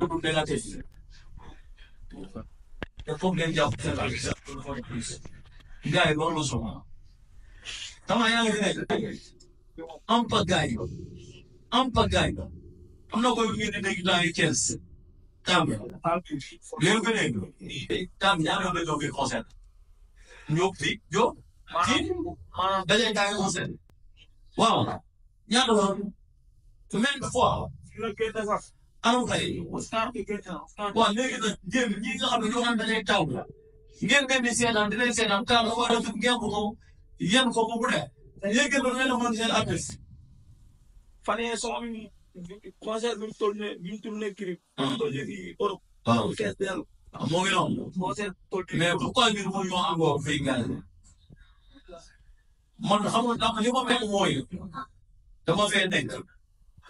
loolu day yaa ngi fi nekk gaay am gaay am na koy bu ngeen di dégg dans les quinze tam léegi fi nekk tam ñaar nga doon fi concert ñoo fi joo ci daje gaay concert waaw ñaar la même alors kay waaw léegi nag jéem ñi nga xam ne ñoo xam ne dañuy taw la ngeen ngeen di seetaan dinañ seetaan taw la war a dugg ngeen ko yem ko bu ne léegi nag ngeen defoon seen appel. fan yii soo amee concert bi ñu tourné bi ñu tourné Kirib. ñu tourné fii Europe. waaw bu fees dell. moo ngi noonu. concert tourné mais pourquoi ñun mu ñoo encore fii nga man xam nga li ma mel mooy dama fee nekk.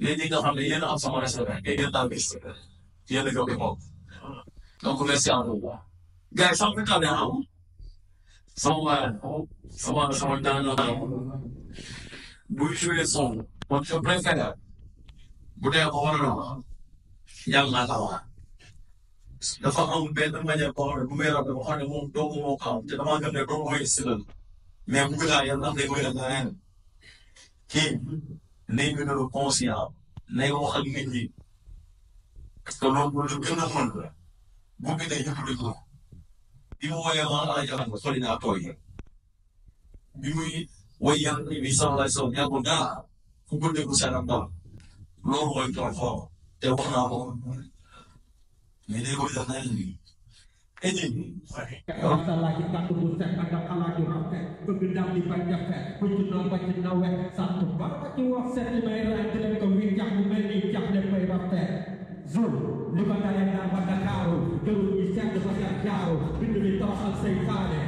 yéen ñi nga xam ne yéen a am sama respect mais yéen daal respect yéen a joxe moom donc merci à vous. gars yi sama kàddu yi am sama waa sama sama daan buy joué son man je préfère bu dee ko war a doon yàlla naa ko wax dafa am benn manière boo xam ne bu may rab dafa xam ne moom doomu moo ko am te damaa gëm ne doomu mooy si mais bu gën a yàlla ndax day koy def leneen kii. nay gën a conscient nay wax ak nit ñi parce que loolu lu gën na mën la bu bi day ñëpp dëgg bi mu woyee ma ala jaxan ma sori naa tooy bi muy woy yan bi sallallahu alayhi wa sallam ku gëddee ku seen ak dal loolu mooy tool foofu te wax naa ko mais day ko def naa leen Ini. Masalah kita tunggu cek ada kalah di rakyat. Pembedam di banyak cek. Penjenau penjenau wek. Eh. Satu bapak jiwa set di merah. Jalan ke wincah memenikah di merah cek. Zul. Lima kalian dapat kau. Gelung isyak di banyak jauh. Bindu di tohal seifane.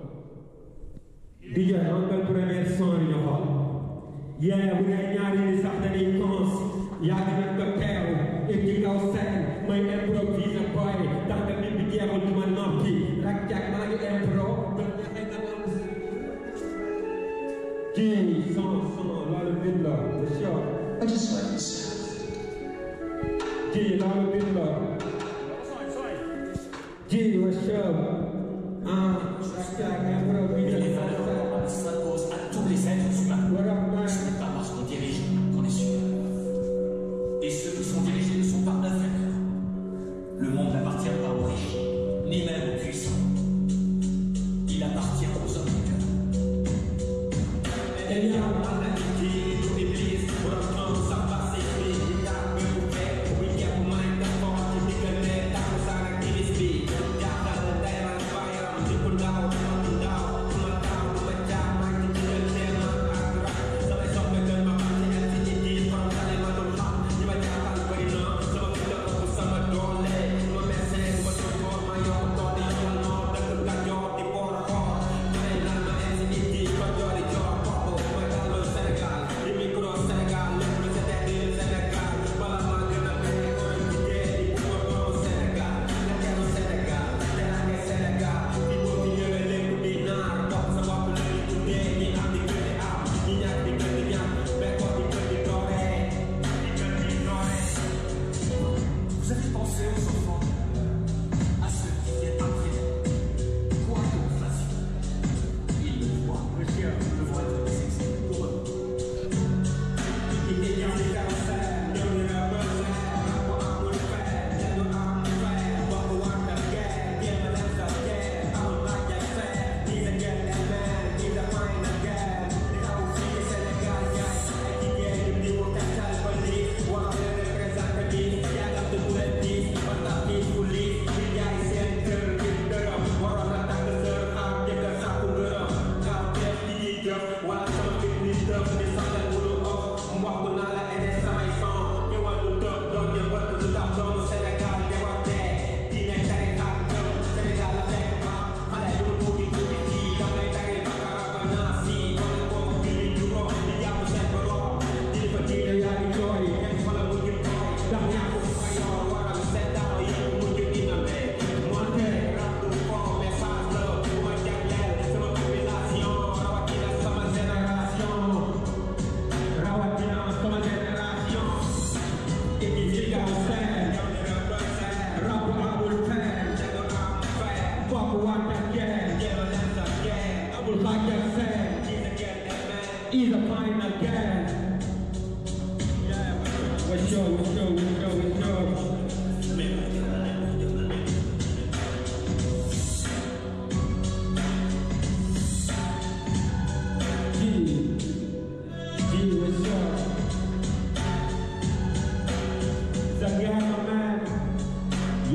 legislators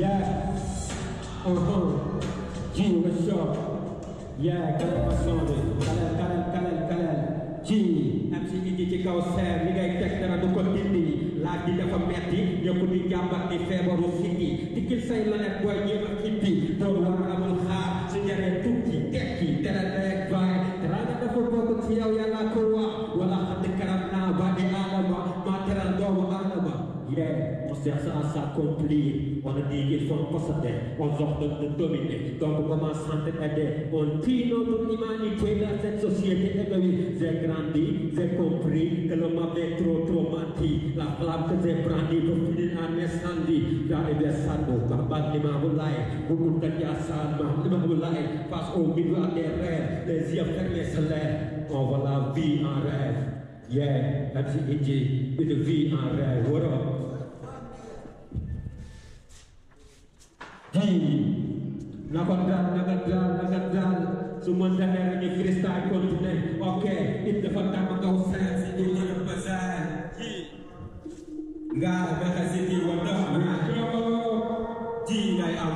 Yeah. Uh-huh. G, what's up? Yeah, galera passando. Galera, galera, galera, galera. G, MC DJ Calcer, liga aí, técnica do Cotini. Lá de Levamete, eu comi gamba de febre no city. De que sai lá na coia de uma kipi. Então lá na mulher, se der é tuki, teki, tereré, vai. Concert à s'accomplir. On a dit qu'il faut posséder aux ordres de dominer. Donc, on commence à t'aider. On tire notre humanité vers cette société égoïste. J'ai grandi, j'ai compris que l'on m'avait trop traumatisé. La flamme que j'ai brandie pour finir un incendie. J'arrive à Sando, par bande de ma boulaye. Pour mon tête à Sando, de ma boulaye. Face au milieu à des rêves, les yeux fermés se lèvent. On voit la vie en rêve. Yeah, MCG, une vie en rêve. What up? Hey, nagadal, nagadal, nagadal. Sumandahera ni freestyle ko today. Okay, ito fa tama ka usan si dulo ng bazaar. Nga, baka si di wala. Di na ang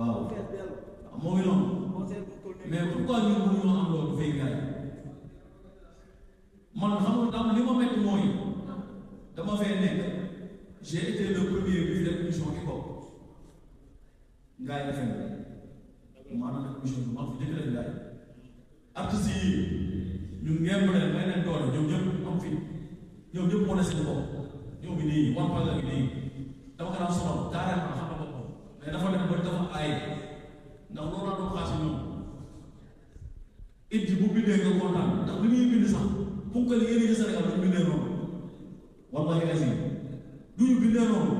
waaw moo ngi noonu mais pourquoi ñun mënuñu am loolu fay gaay man xam nga dama li ma mett mooy dama fee nekk j' ai été le premier bi def mission hip hop ngaay la fenn maanaam def mission bi ma fi jëkk rek ngaay artistes yi ñun ngeen mu def leneen doole ñoom ñëpp am fi ñoom ñëpp moo ne seen bopp ñoom ñu nii war pas la nii dama ko daan sonal carrément mais dafa def ba dafa aay ndax loolu laa doon xaasi ñoom it ji bu bindee nga kontaan ndax li ñuy bind sax pour que li ngeen di Sénégal duñ bindee noonu wallahi azim duñu bindee noonu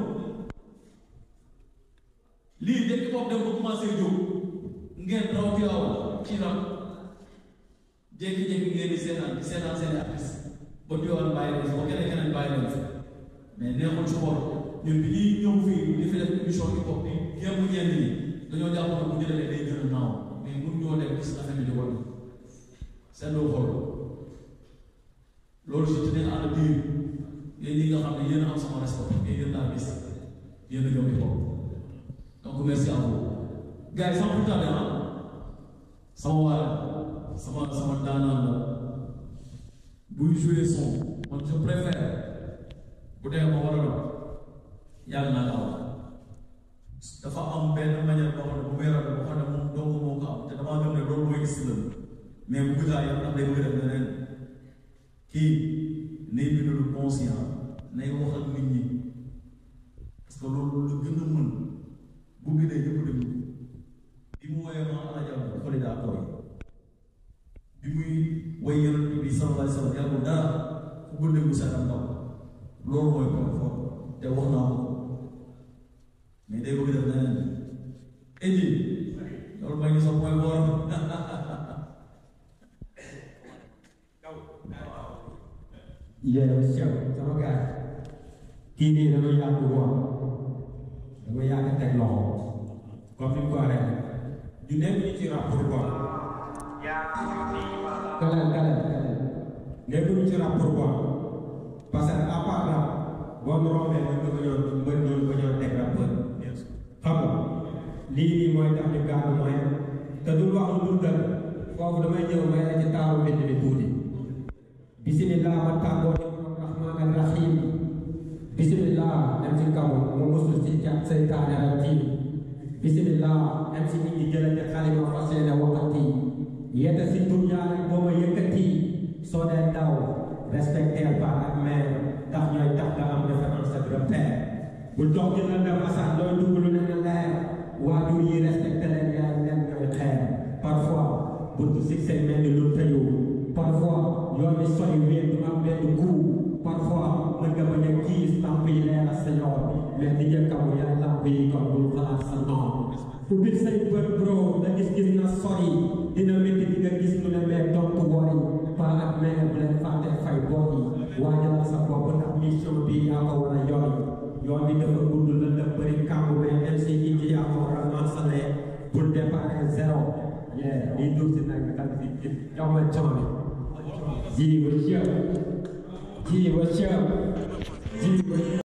lii dañ ko dem ba commencé jóg ngeen raw ci raw ci raw jékki-jékki ngeen di seetaan di seetaan seen artiste ba diwaan bàyyi leen fa ba keneen keneen bàyyi leen fa mais neexul sport ñun bi ñuy ñëw fii di fi def démb ñenn ñi dañoo jàpp ne bu jëlee day gën a naaw mais mun ñoo dem gis affaire bi di wan seen loo xool si teneen ànd biir yéen nga xam ne yéen am sama respect mais yéen laa gis yéen a gëm di xool donc merci à vous gars yi sama pour tardé ah sama waa sama sama daanaan la buy joué son man je bu dee ma war a doon yàlla naa ko dafa am benn manière boo xam ne bu may rafetlu boo xam ne moom dong te damaa gëm ne loolu mooy islam mais bu guddaa yoon am day bëgg def leneen kii nay bind lu conscient nay wax ak nit a mën bu bindee yëpp daa koy bi muy woy yonent bi sallallahu alayhi wa sallam yàlla dara ku gëddee mu seetam taw loolu mooy kon foofu te wax naa ko Mayday po kita tanan. Edi, kalau main sa puwe war. Iya, siap. Kalau ka, kini nama ya kuwa. Nama ya ke teklo. Kofi kuare. Jude ni cira purba. Ya, kalian, kalian, kalian. Nebu ni cira purba. Pasal apa nak? Gondrome, nebu ni cira dini mooy tax ñu gàdd mooy te du wax lu dul dal foofu damay ñëw may ay ci taaru bind bi tuuti bisimillah ma tàngoo rahman ar rahim Bismillah dem ci kaw mu musul ci ca seytaane ak ci bisimillah dem ci nit ñi jëlante xalima fa seene waxati yete si tur ñaari booma yëkkati soo dee daw respecté ba ak mère tax ñooy tax nga am référence ak repère bu dox gi la dem asaan looy dugg na leer waaju yi respecté leen yaay leen ñooy xeer parfois bu tusik seen mel ni lu tëyu parfois yoo ni soy wéet am benn goût parfois mën nga bañ a kiis tamp yi leen a seyoon mais di jëkk kaw yaay lamp yi kon bul xalaat sa doom ku bi say bër bro da gis gis na sori dina métti di nga gis lu ne mais donc woor yi paa ak mère bu leen fàttee fay boo yi waajal sa bopp ndax mission bi yaa ko war a yoon yoo ngi dafa gudd na da bëri kàmbu bay dem say ñi ji am ko rendement salaire pour départ zéro yeah di dugg si nag dal di di jox ma jox ma ji wa ji wa ji wa